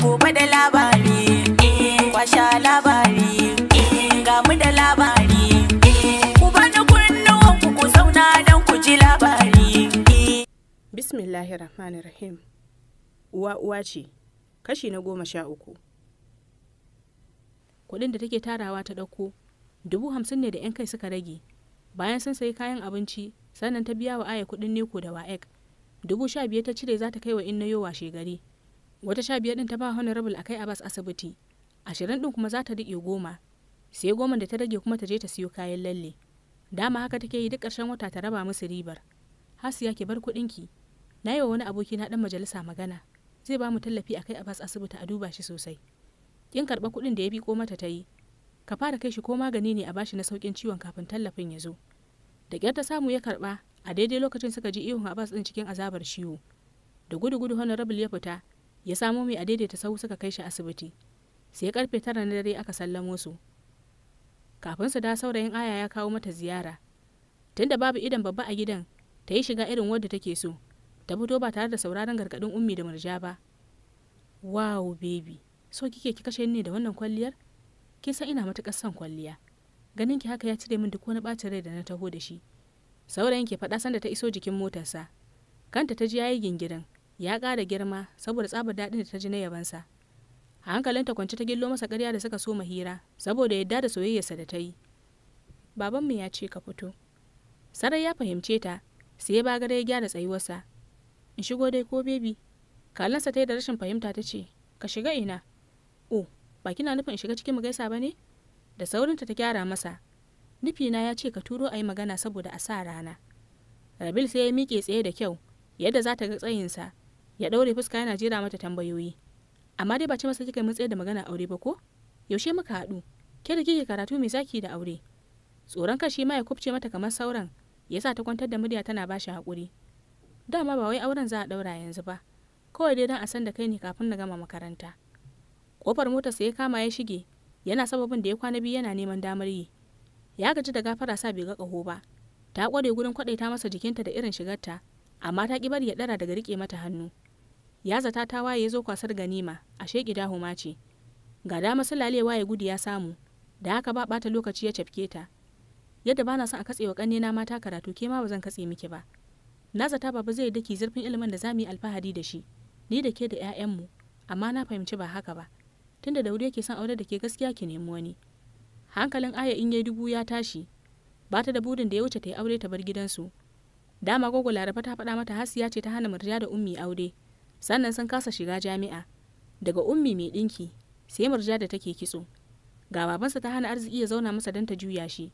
Gobe da labari, eh, kwasha labari, eh, ga da labari. Eh, ku bani kunnuwan ku ku zauna don ku ji labari. Bismillahirrahmanirrahim. Uwa uwa ce, kashi na goma sha uku. Kuɗin da take tarawa ta ɗauko, dubu hamsin ne da 'yan kai suka rage. Bayan sun sayi kayan abinci, sannan ta biya wa aya kuɗin neko da wa'ek. Dubu sha biyar ta cire za ta kai wa inna yi wa gari. wata sha biyar din ta ba honorable a kai abbas asibiti ashirin ɗin kuma za ta riƙe goma sai goma da ta rage kuma ta je ta siyo kayan lalle dama haka take yi duk ƙarshen wata ta raba musu ribar hasiya ki bar ki. na yi wa wani aboki na ɗan majalisa magana zai ba mu tallafi a kai abbas asibiti a duba shi sosai kin karɓa kuɗin da ya biko mata ta yi ka fara kai shi ko magani ne a bashi na sauƙin ciwon kafin tallafin ya zo da ƙyar ta samu ya karɓa a daidai lokacin suka ji ihun abbas ɗin cikin azabar ciwo da gudu gudu honorable ya fita ya samo mai a daidaita sahu suka kai shi asibiti sai karfe tara na dare aka sallamo su kafin su da saurayin aya ya kawo mata ziyara tunda babu idan babba a gidan ta yi shiga irin wadda take so ta fito ba tare da sauraron gargadin ummi da murja ba wow baby so kike ki kashe ni da wannan kwalliyar kin san ina matukar son kwalliya ganin ki haka ya cire min duk wani bacin rai da na taho da shi saurayin ke faɗa sanda ta iso jikin motarsa kanta ta ji yayi gingirin ya ƙara girma saboda tsabar daɗin da ta ji na yabansa a hankalinta kwance ta gillo masa ƙarya da suka so hira saboda yadda da soyayyarsa da ta yi babanmu ya ce ka fito sarai ya fahimce ta sai ya bagare ya gyara tsayuwarsa in shigo dai ko bebi kalansa ta yi da rashin fahimta ta ce ka shiga ina oh ba kina nufin in shiga cikin mu gaisa ba ne da saurinta ta gyara masa nufina ya ce ka turo a yi magana saboda a sa rana rabil sai ya miƙe tsaye da kyau yadda za ta ga tsayinsa ya ɗaure fuska yana jera mata tambayoyi amma dai ba ce masa kika matsayar da magana aure ba ko yaushe muka haɗu ke da kike karatu mai zaki da aure tsoron kashi ma ya kubce mata kamar sauran Ya sa ta kwantar da murya tana ba shi haƙuri dama ba wai auren za a ɗaura yanzu ba kawai dai don a san da kai ne kafin na gama makaranta kofar motarsa ya kama ya shige yana sababin da ya kwana biyu yana neman damar yi ya gaji da gafara sa bai ga ƙaho ba ta ƙware gurin kwaɗaita masa jikinta da irin shigarta amma ta ƙi bari ya ɗara daga riƙe mata hannu ya zata ta waye zo kwasar ganima ashe gida huma ce ga dama sulalewa ya gudu ya samu da haka ba bata lokaci ya cafke ta yadda bana son a katse wa kannena mata karatu ke ma ba zan katse miki ba na zata baba zai daki zurfin ilimin da zamu yi alfahari da shi ni da ke da 'ya'yanmu amma na fahimci ba haka ba tunda da wuri yake son aure da ke gaskiya ki nemi wani hankalin aya in yayi dubu ya tashi Bata da budin da ya wuce ta yi aure ta bar gidansu dama gogo laraba ta faɗa mata hasiya ce ta hana murja da ummi aure sannan sun kasa shiga jami'a daga ummi mai ɗinki sai murja da take kitso ga babansa ta hana arziki ya zauna masa don ta juya shi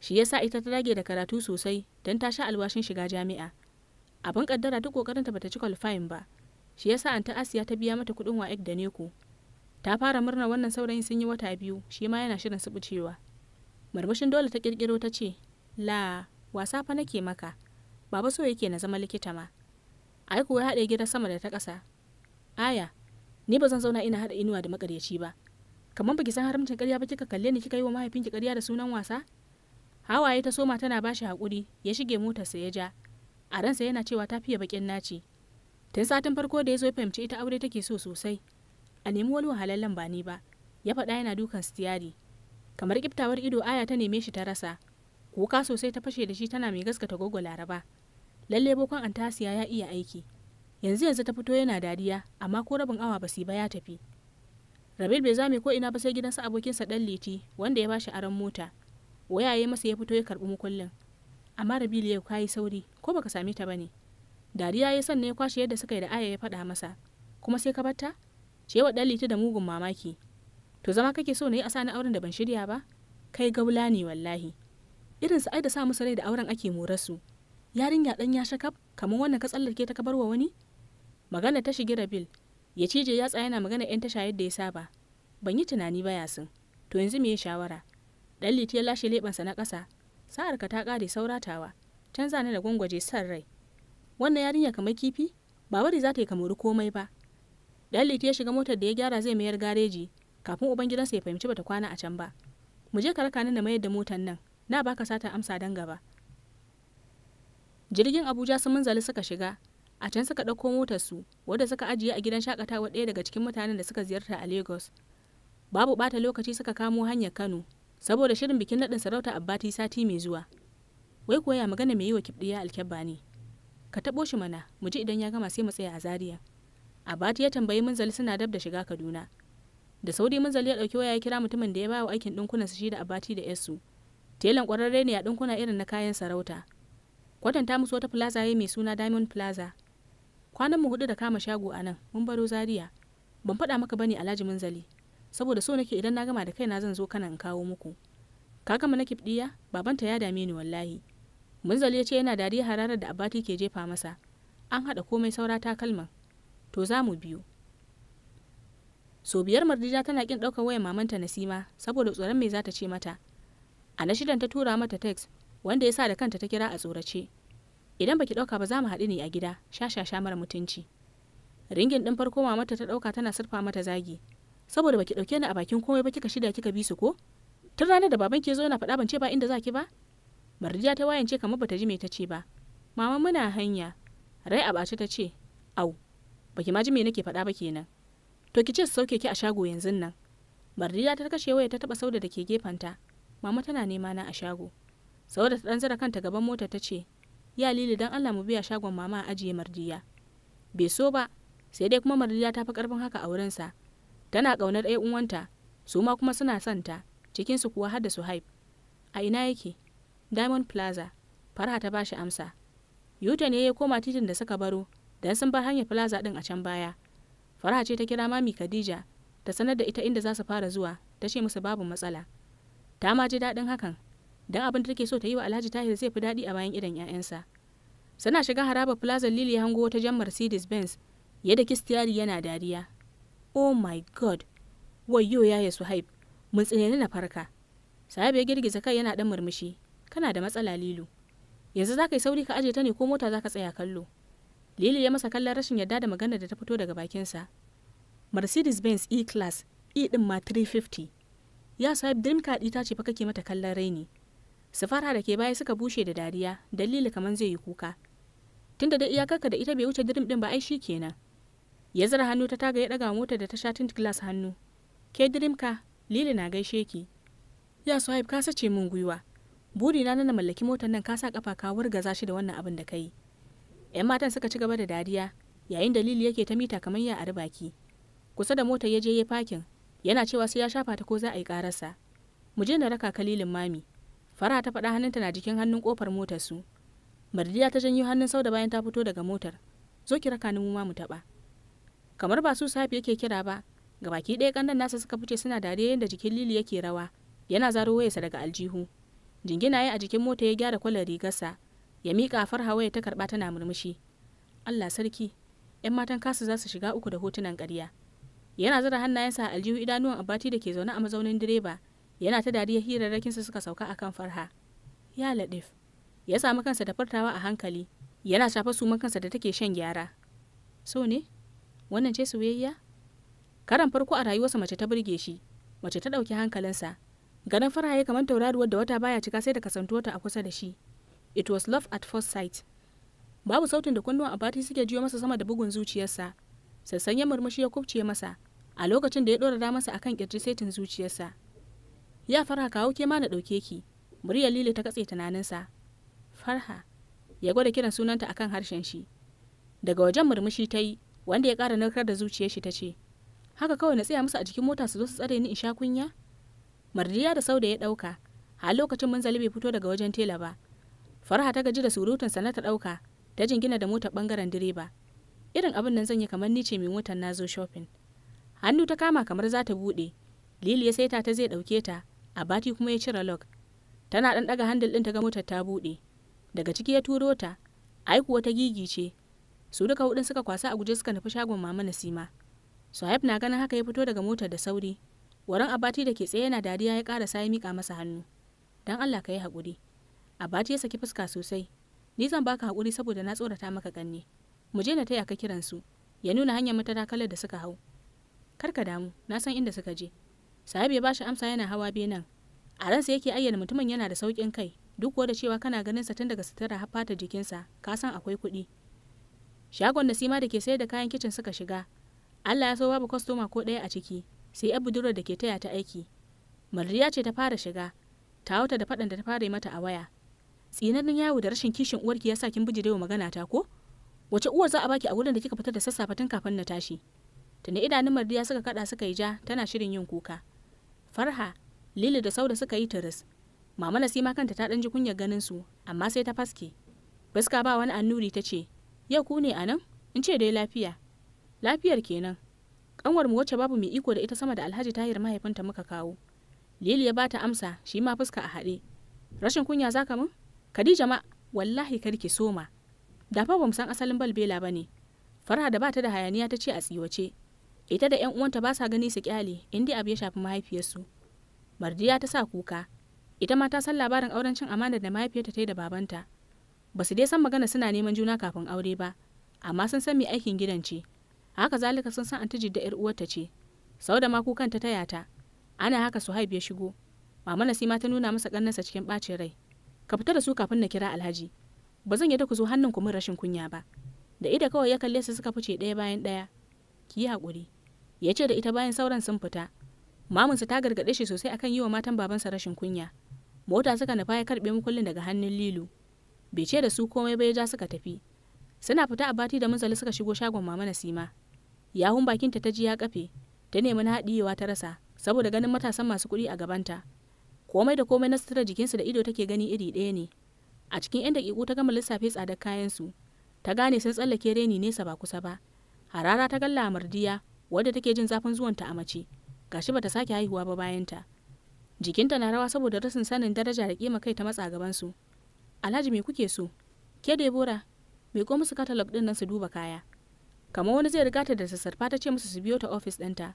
shi ya sa ita ta dage da karatu sosai don ta sha alwashin shiga jami'a abin kaddara duk ba ta ci kwalifayin ba shi ya yasa anta asiya ta biya mata kuɗin wa'ek da neko ta fara murna wannan saurayin sun yi wata biyu shi ma yana shirin bucewa marmashin dole ta kirkiro ta ce la wasa fa nake maka baba so yake na zama likita ma ai kuwa ya haɗe gida sama da ta ƙasa aya ni ba zan zauna ina haɗa inuwa da makaryaci ba kamar baki san haramcin ƙarya ba kika kalle ni kika yi wa mahaifinki ƙarya da sunan wasa hawaye ta soma tana bashi haƙuri ya shige motarsa ya ja a ransa yana cewa ta fiye baƙin naci tun satin farko da ya zo fahimci ita aure take so sosai a nemi wani wahalallen ba ni ba ya faɗa yana dukan stiyari kamar kiftawar ido aya ta neme shi ta rasa kuka sosai ta fashe da shi tana mai gaskata gogo laraba lalle bokon antasiya ya iya aiki yanzu yanzu ta fito yana dariya amma ko rabin awa ba ba ya tafi rabil bai zame ko ina ba sai gidansa abokinsa dan liti wanda ya bashi aron mota wayaye masa ya fito ya karbi mukullin amma rabil ya kayi sauri ko baka same ta bane dariya ya sanna ya kwashe yadda suka yi da aya ya faɗa masa kuma sai ka batta ce wa dan liti da mugun mamaki to zama kake so na yi sani auren da ban shirya ba kai gaula ne wallahi irin su ai da sa musu rai da auren ake more su yarinya dan ya shakaf kamar wannan ka tsallake ta ka barwa wani magana ta shige rabil ya cije ya tsaya yana magana yan tasha yadda ya saba ban yi tunani ba ya yasin to yanzu me ya shawara dan liti ya lashe sa na kasa sa'ar ka ta kare sauratawa canza ni da gwangwaje san rai wannan yarinya kamar kifi ba bari za ta yi kamar komai ba dan liti ya shiga motar da ya gyara zai mayar gareji kafin uban gidansa ya fahimci bata kwana a can ba mu je ka raka ni na mayar da motar nan na baka sata amsa dan gaba jirgin abuja sun munzali suka shiga a can suka ɗauko motar su wadda suka ajiye a gidan shakatawa ɗaya daga cikin mutanen da suka ziyarta a lagos babu ɓata lokaci suka kamo hanyar kano saboda shirin bikin naɗin sarauta abbati sati mai zuwa wai kuwa ya magana mai yi wa kibdiya alkyabba ne ka taɓo shi mana mu ji idan ya gama sai mu tsaya a zaria abati ya tambayi munzali suna dab da shiga kaduna da sauri munzali ya ɗauki waya ya kira mutumin da ya bawa aikin ɗinkunan su shi da abati da yasu telan ƙwararre ne a ɗinkuna irin na kayan sarauta kwatanta musu wata plaza ya mai suna diamond plaza kwanan mu hudu da kama shago a nan mun baro zaria ban faɗa maka bane alhaji munzali saboda so nake idan na gama da kaina zan zo kana in kawo muku ka gama na baban babanta ya dame ni wallahi munzali ya ce yana dariya hararar da abati ke jefa masa an haɗa komai saura takalman to za mu biyu so biyar mardija tana kin ɗaukar wayar mamanta nasima saboda tsoron mai za ta ce mata a na shidan ta tura mata text wanda ya sa da kanta ta kira a tsorace idan baki ɗauka ba za mu haɗu ne a gida shashasha mara mutunci ringin ɗin farko mama ta ɗauka tana surfa mata zagi saboda baki ɗauke ni a bakin komai ba kika shida kika bi su ko tun ranar da baban ke zo yana faɗa ban ce ba inda za ki ba marjiya ta wayance kamar bata ji me ta ce ba mama muna hanya rai a bace ta ce au baki ma ji me nake faɗa ba kenan to ki ce su sauke ki a shago yanzu nan marjiya ta kashe waya ta taɓa sauda da ke gefanta. mama tana nema na a shago sauda ta ɗan zara kanta gaban mota ta ce ya lili dan Allah mu biya shagon mama a ajiye mardiya bai so ba sai dai kuma mardiya ta fi karfin haka a wurinsa tana ƙaunar ɗaya uwanta su ma kuma suna son ta cikin su kuwa har da Suhaib a ina yake Diamond Plaza Farha ta bashi amsa Yuta ne ya koma titin da suka baro dan sun bar hanyar Plaza ɗin a can baya Farha ce ta kira mami Khadija ta sanar da ita inda za su fara zuwa ta ce musu babu matsala ta ma ji daɗin hakan don abin da take so ta yi wa alhaji tahir zai fi daɗi a bayan idan 'ya'yansa sana shiga haraba plaza lili ya hango wata jan mercedes benz yadda kistiyari yana dariya oh my god wayo ya su haif mun tsinani na farka sahib ya girgiza kai yana ɗan murmushi kana da matsala lilu yanzu za ka yi sauri ka aje ta ne ko mota za ka tsaya kallo lili ya masa kallon rashin yarda da magana da ta fito daga bakinsa mercedes benz e class e ɗin ma 350 ya sahib dream card ita ce fa kake mata kallon raini safara da ke baya suka bushe da dariya dalili kamar zai yi kuka Tun da iyakarka da ita bai wuce dirim din ba ai kenan ya zara hannu ta taga ya daga motar da ta sha tint glass hannu ke dirim ka lili na gaishe ki ya swipe ka sace min gwiwa buri na na mallaki motar nan ka sa kafa ka wurgaza shi da wannan abin da kai yan matan suka ci gaba da dariya yayin da lili yake ta mita kamar ya baki kusa da motar ya je ya fakin yana cewa sai ya shafa ta ko za a yi karasa mu je na raka kalilin mami fara ta faɗa hannunta na jikin hannun kofar motar su mardiya ta janyo hannun sau da bayan ta fito daga motar zo ki raka ni mu ma mu taɓa kamar ba su safi yake kira ba ga baki ɗaya ƙandan nasa suka fice suna dariya yadda jikin lili yake rawa yana zaro wayarsa daga aljihu jingina ya a jikin mota ya gyara kwalar rigarsa ya miƙa farha waya ta karɓa tana murmushi allah sarki 'yan matan kasu za su shiga uku da hotunan ƙarya yana zara hannayensa a aljihu idanuwan abati da ke zaune a mazaunin direba yana ta dariya hirarrakinsa suka sauka akan farha ya laɗif ya sami kansa da furtawa a hankali yana shafa suman kansa da take shan gyara so ne wannan ce soyayya karan farko a rayuwarsa mace ta burge shi mace ta ɗauki hankalinsa ganin farha ya kamar tauraruwar da wata baya cika sai da kasantuwarta a kusa da shi it was love at first sight babu sautin da kunnuwan abati suke jiyo masa sama da bugun zuciyarsa sassan ya murmushi ya kubce masa a lokacin da ya ɗora masa akan kirji saitin zuciyarsa ya farha kawo ke ma na ɗauke ki muryar lili ta katse tunaninsa farha ya gwada kiran sunanta akan harshen shi daga wajen murmushi ta yi wanda ya ƙara narkar da zuciyar shi ta ce haka kawai na tsaya musu a jikin mota su zo su tsare ni in sha kunya mardiya da sauda ya ɗauka a lokacin munzali bai fito daga wajen tela ba farha ta gaji da surutun sana ta ɗauka ta jingina da motar ɓangaren direba irin abin nan zan yi kamar ni ce mai motar na zo shopping hannu ta kama kamar za ta buɗe lili ya saita ta zai ɗauke ta bati kuma ya cire lock tana ɗanɗaga handul handle ɗin ta ga motar ta buɗe daga ciki ya turo ta ai kuwa ta gigi ce su duka hudun suka kwasa a guje suka nufi shagon mama nasima suhaib na ganin haka ya fito daga motar da sauri waran abati da ke tsaye yana dariya ya ƙara sai mika masa hannu dan allah ka yi haƙuri abati ya saki fuska sosai ni zan baka hakuri saboda na tsorata maka ƙanne mu je na taya ka kiransu ya nuna hanyar matatakalar da suka hau kar ka damu na san inda suka je Sahib ya bashi amsa yana hawa nan A ransa yake ayyana mutumin yana da sauƙin kai, duk kuwa da cewa kana ganin sa tun daga sutura har fata jikinsa, ka san akwai kuɗi. Shagon da sima da ke sayar da kayan kicin suka shiga. Allah ya so babu kwastoma ko ɗaya a ciki, sai ‘yar budurwar da ke taya ta aiki. Mardiya ce ta fara shiga, ta hauta da faɗan da ta fara yi mata a waya. Tsinanin yawo da rashin kishin uwarki ya sa kin bijire wa magana ta ko? Wace uwar za a baki a wurin da kika fita da sassafe tun kafin na tashi? Tunda idanun Mardiya suka kada suka yi ja tana shirin yin kuka. farha lili da sauda suka yi turis mama nasima kanta ta ɗan ji kunyar ganin su amma sai ta faske fuska ba wani annuri ta ce yau ku ne anan in ce dai lafiya lafiyar kenan kanwar mu wacce babu mai iko da ita sama da alhaji tahir mahaifinta muka kawo lili ya bata amsa shi ma fuska a haɗe rashin kunya zaka mun khadija ma wallahi karki soma da fa bamu san asalin balbela bane farha da bata da hayaniya ta ce a tsiwace ita da 'yan uwanta ba sa gani su kyale inda abu ya shafi mahaifiyarsu mardiya ta sa kuka ita ma ta san labarin auren cin amanar da mahaifiyarta ta yi da babanta ba su dai san magana suna neman juna kafin aure ba amma sun san mai aikin gidan ce haka zalika sun san antijid da 'yar uwarta ce sau da ma kukan ta taya ta ana haka suhaib ya shigo mama nasima ta nuna masa ƙannansa cikin ɓacin rai ka fita da su kafin na kira alhaji ba zan yadda ku zo hannun ku mun rashin kunya ba da ida kawai ya kalle su suka fice ɗaya bayan ɗaya ki yi haƙuri ya ce da ita bayan sauran sun fita maminsa ta gargaɗe shi sosai akan yi wa matan babansa rashin kunya mota suka nufa ya karɓe mukullin daga hannun lilu bai ce da su komai ba ya ja suka tafi suna fita a bati da munzali suka shigo shagon mama nasima yahun bakinta ta ji ya kafe ta nemi na haɗiyewa ta rasa saboda ganin matasan masu kuɗi a gabanta komai da komai na sutura jikinsu da ido take gani iri ɗaya ne a cikin 'yan daƙiƙu ta gama lissafe tsadar kayansu ta gane sun tsallake reni nesa ba kusa ba harara ta galla a mardiya wadda take jin zafin zuwanta a mace gashi bata sake haihuwa ba bayanta jikinta na rawa saboda rashin sanin daraja da kima kai ta matsa gabansu. alhaji me kuke so ke debora me ko musu katalog din nan su duba kaya kamar wani zai rigata da sassarfa ta ce musu su biyo ta ofis ɗinta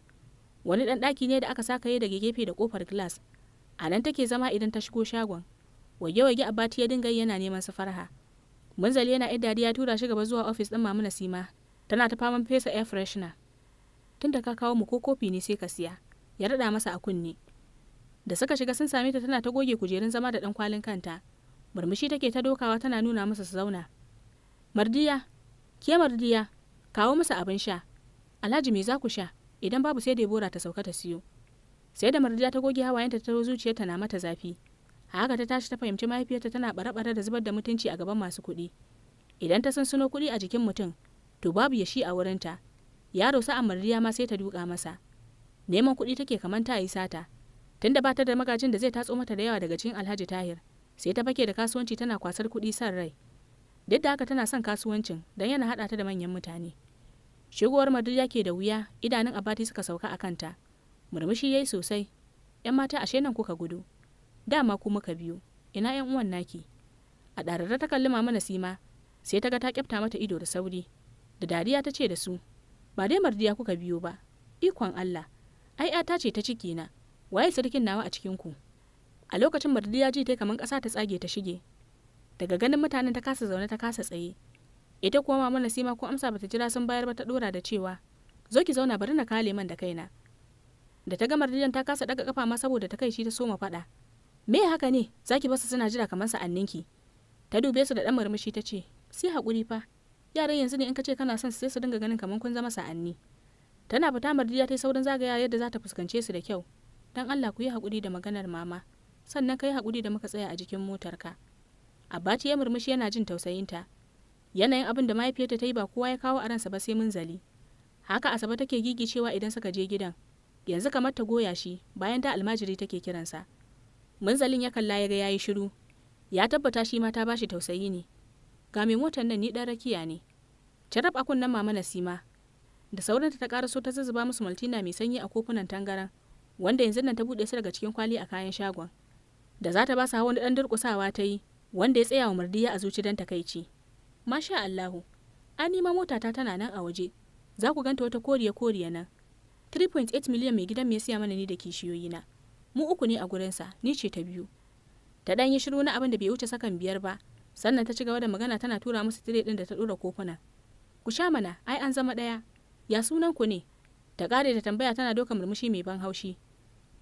wani ɗan ɗaki ne da aka saka yi daga gefe da kofar glass a nan take zama idan ta shigo shagon wage-wage a bati ya dinga yana neman su farha munzali yana idadi ya tura shi gaba zuwa ofis din mamuna sima tana ta faman fesa air freshener tunda ka kawo mu ko kofi ne sai ka siya ya rada masa a kunne da suka shiga sun same ta tana ta goge kujerun zama da dan kwalin kanta murmushi take ta dokawa tana nuna masa su zauna mardiya ke mardiya kawo masa abin sha alhaji me za ku sha idan babu sai debora ta sauka ta siyo sai da mardiya ta goge hawayenta ta zo zuciyarta na mata zafi a haka ta tashi ta fahimci mahaifiyarta tana bare da zubar da mutunci a gaban masu kuɗi idan ta san suno kuɗi a jikin mutum to babu ya shi a wurinta yaro sa amarya ma sai ta duka masa neman kuɗi take kamar ta yi sata tunda ba ta da magajin da zai tatso mata da yawa daga cikin alhaji tahir sai ta fake da kasuwanci tana kwasar kuɗi san rai duk da haka tana son kasuwancin don yana haɗa ta da manyan mutane shigowar madrid ke da wuya idanun abati suka sauka a kanta murmushi yayi sosai yan mata ashe nan kuka gudu dama ku muka biyu. ina yan uwan naki a ɗararra ta kalli mama nasima sai ta ga ta kyafta mata ido da sauri da dariya ta ce da su ba dai mardiya kuka biyo ba ikon Allah ai ta ce ta ciki na waye sarkin nawa a cikin ku a lokacin mardiya ji ta kaman ƙasa ta tsage ta shige daga ganin mutanen ta kasa zaune ta kasa tsaye ita kuma mama sima ko amsa bata jira sun bayar ba ta dora da cewa zo ki zauna bari na kale man da kaina da ta ga mardiyan ta kasa daga kafa ma saboda ta kai shi ta soma faɗa me haka ne zaki basu suna jira kamar sa'anninki ta dube su da dan murmushi ta ce sai hakuri fa yaran yanzu ne in ka ce kana son su sai su dinga ganin kamar kun zama sa'anni tana fita mardiya ta yi saurin zagaya yadda za ta fuskance su da kyau don allah ku yi hakuri da maganar mama sannan ka yi hakuri da muka tsaya a jikin motarka abbati ya murmushi yana jin tausayinta yanayin abin da mahaifiyarta ta yi ba kowa ya kawo a ransa ba sai mun zali haka asabe take gigi cewa idan suka je gidan yanzu kamar ta goya shi bayan da almajiri take kiransa munzalin ya kalla ya ga yayi shiru ya tabbata shi ma ta bashi tausayi ne ga mai motar nan ni dan rakiya ne carab a kunnen mama nasima da sauranta ta karaso ta zuzuba musu maltina mai sanyi a kofunan tangaran wanda yanzu nan ta bude su daga cikin kwali a kayan shagon da za ta ba su hawan dan durkusawa ta yi wanda ya tsaya wa murdiya a zuci dan takaici masha Allahu an nima motata tana nan a waje za ku ganta wata koriya koriya nan 3.8 miliyan mai gidan mai siya mana ni da na. mu uku ne a gurinsa ni ce ta biyu ta dan yi shiru na abin da bai wuce sakan biyar ba sannan ta ci gaba da magana tana tura musu tire din da ta dora kofuna ku sha mana ai an zama daya ya sunan ku ne ta kare da tambaya tana doka murmushi mai ban haushi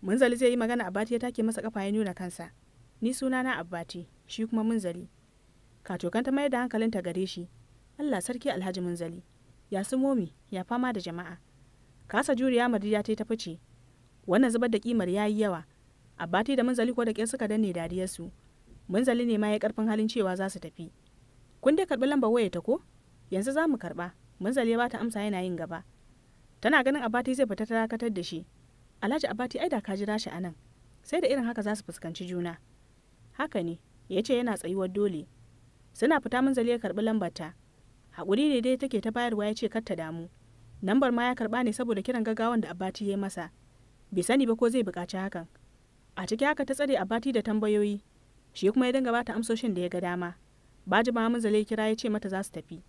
munzali zai yi magana abati ya take masa kafa ya nuna kansa ni suna na abbati shi kuma munzali katokan ta mayar da ta gare shi allah sarki alhaji munzali ya su momi ya fama da jama'a kasa juriya madiya ta fice wannan zubar da kimar yayi yawa abati da munzali ko da ƙyar suka danne dariyarsu mun zali ne ma ya karfin halin cewa za su tafi kun dai karbi lambar waya ta ko yanzu za mu karba zali ya bata amsa yana yin gaba tana ganin abati zai fita ta dakatar da shi alhaji abati ai da ka jira shi anan sai da irin haka za su fuskanci juna haka ne ya ce yana tsayuwar dole suna fita mun zali ya karbi lambar ta haƙuri ne dai take ta bayarwa ya ce kar ta damu lambar ma ya karba ne saboda kiran gaggawan da abati ya yi masa bai sani ba ko zai buƙaci hakan a ciki haka ta tsare abati da tambayoyi shi kuma ya dinga bata amsoshin da ya ga dama baji ma munzale kira ya ce mata za su tafi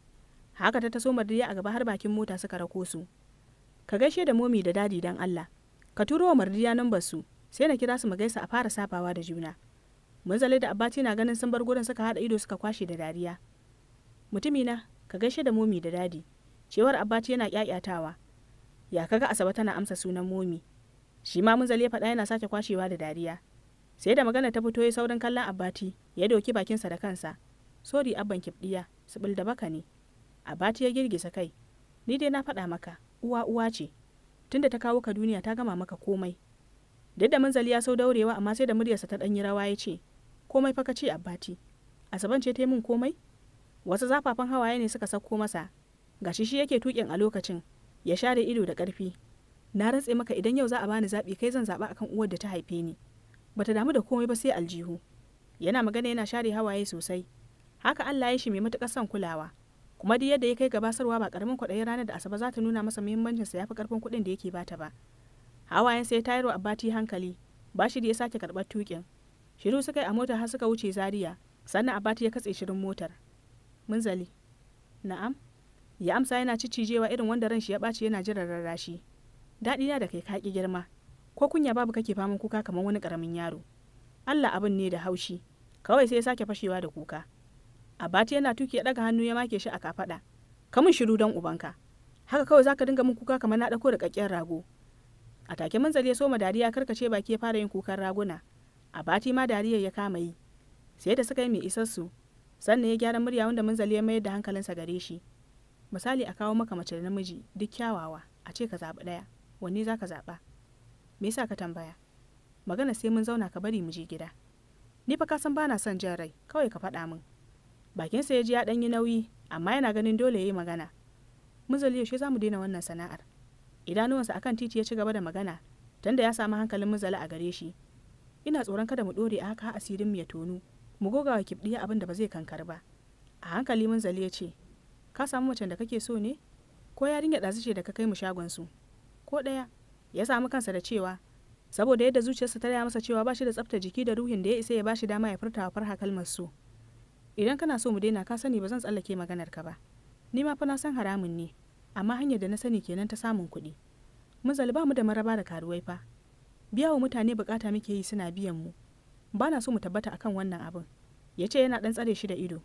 haka ta taso madriya a gaba har bakin mota suka rako su ka gaishe da momi da dadi dan Allah ka turo wa mardiya nambar su sai na kira su mu gaisa a fara safawa da juna munzale da abbaci na ganin sun bar gurin suka hada ido suka kwashe da dariya mutumina ka gaishe da momi da dadi cewar abbaci yana kyakyatawa ya kaga asaba tana amsa sunan momi shi ma munzale faɗa yana sake kwashewa da dariya sai da magana ta fito ya saurin kallon abati ya doki bakinsa da kansa sori abban kibdiya sibil da baka ne abati ya girgiza kai ni dai na faɗa maka uwa uwa ce tunda ta kawo ka duniya ta gama maka komai duk da munzali ya sau daurewa amma sai da muryarsa ta yi rawa ya ce komai fa ka ce abati asaban ce ta yi min komai wasu zafafan hawaye ne suka sauko masa gashi shi yake tuƙin a lokacin ya share ido da ƙarfi na rantse maka idan yau za a bani zaɓi kai zan zaɓa akan uwar da ta haife ni bata damu da komai ba sai aljihu yana magana yana share hawaye sosai haka Allah ya shi mai matukar son kulawa kuma duk yadda ya kai gabasarwa ba karamin kwaɗayin ranar da Asabe za ta nuna masa muhimmancin sa yafi karfin kuɗin da yake bata ba hawayen sai tayar wa abati hankali bashi da ya sake karɓar tukin shiru suka yi a motar har suka wuce Zariya, sannan Abbati ya katse shirin motar munzali na'am ya amsa yana cicijewa irin wanda ran shi ya ɓaci yana jiran rarrashi daɗi na da kai kaki girma ko kunya babu kake faman kuka kamar wani karamin yaro allah abin ne da haushi kawai sai ya sake fashewa da kuka abati yana tuki ya daga hannu ya make shi a kafada mun shiru don ubanka haka kawai zaka dinga min kuka kamar na dauko da kakkiyar rago a take manzali ya soma dariya karkace baki ya fara yin kukan raguna abati ma dariyar ya kama yi sai da suka yi mai isar su sannan ya gyara murya wanda manzali ya mayar da hankalinsa gare shi misali a kawo maka mace da namiji duk kyawawa a ce ka zaɓi ɗaya wanne za ka zaɓa me yasa ka tambaya magana sai mun zauna ka bari mu je gida ni fa ka san bana son jin rai kawai ka faɗa min bakinsa ya ji ya ɗan yi nauyi amma yana ganin dole ya yi magana zali yaushe za mu daina wannan sana'ar idanuwansa akan titi ya ci gaba da magana tunda ya samu hankalin muzali a gare shi ina tsoron kada mu ɗore a haka asirin mu ya tonu mu goga wa kibdiya abin da ba zai kankar ba a hankali zali ya ce ka samu macen da kake so ne ko yarinya ɗazu ce da ka kai mu shagon su ko ɗaya ya samu kansa da cewa saboda yadda zuciyarsa ta raya masa cewa ba shi da tsaftar jiki da ruhin da ya isa ya ba dama ya furta wa farha kalmar su. idan kana so mu daina ka sani ba zan tsallake maganar ka ba ni ma fa na san haramun ne amma hanyar da na sani kenan ta samun kuɗi mun ba mu da maraba da karuwai fa biya wa mutane bukata muke yi suna biyan mu ba na so mu tabbata akan wannan abin ya ce yana ɗan tsare shi da ido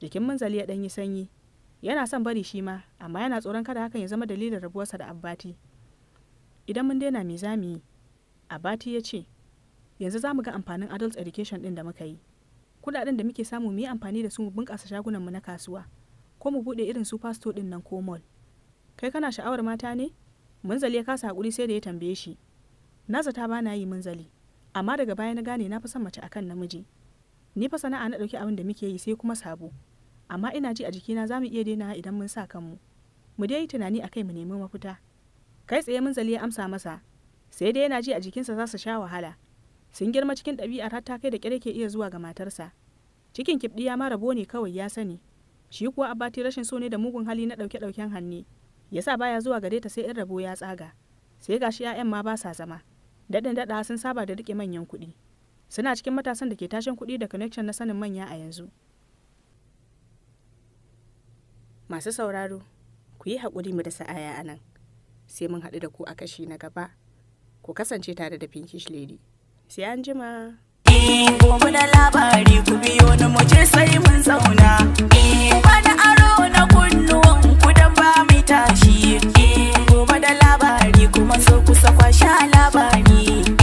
jikin munzali ya ɗan yi sanyi yana son bari shi ma amma yana tsoron kada hakan ya zama dalilin rabuwarsa da abbati idan mun daina me za mu yi abati ya ce yanzu za mu ga amfanin adult education din da muka yi Kudaden da muke samu mu yi amfani da su mu bunƙasa mu na kasuwa ko mu buɗe irin su fasto din nan ko mall kai kana sha'awar mata ne munzali ya kasa hakuri sai da ya tambaye shi na zata ba na yi munzali amma daga baya na gane na fi son mace akan namiji ni fa sana'a na ɗauki abin da muke yi sai kuma sabo amma ina ji a jikina za mu iya daina idan mun sa kanmu mu dai yi tunani akai mu nemi mafita kai tsaye zali ya amsa masa sai dai yana ji a jikinsa za su sha wahala sun girma cikin ɗabi'ar har ta kai da kyar ke iya zuwa ga matarsa cikin kibɗi ya mara ne kawai ya sani shi kuwa abati rashin so ne da mugun hali na ɗauke ɗauken hannu yasa baya zuwa gare ta sai in rabo ya tsaga sai gashi 'ya'yan ma ba sa zama daɗin daɗa sun saba da riƙe manyan kuɗi suna cikin matasan da ke tashin kuɗi da connection na sanin manya a yanzu masu sauraro ku yi haƙuri mu da sa'aya a nan sai mun haɗu da ku a kashi na gaba ku kasance tare da pinkish lady sai an jima gobe da labari ku biyo na mu je sai mun zauna wani aro na kunnuwan ku dan ba mai tashi gobe da labari kuma so ku sakwa sha labari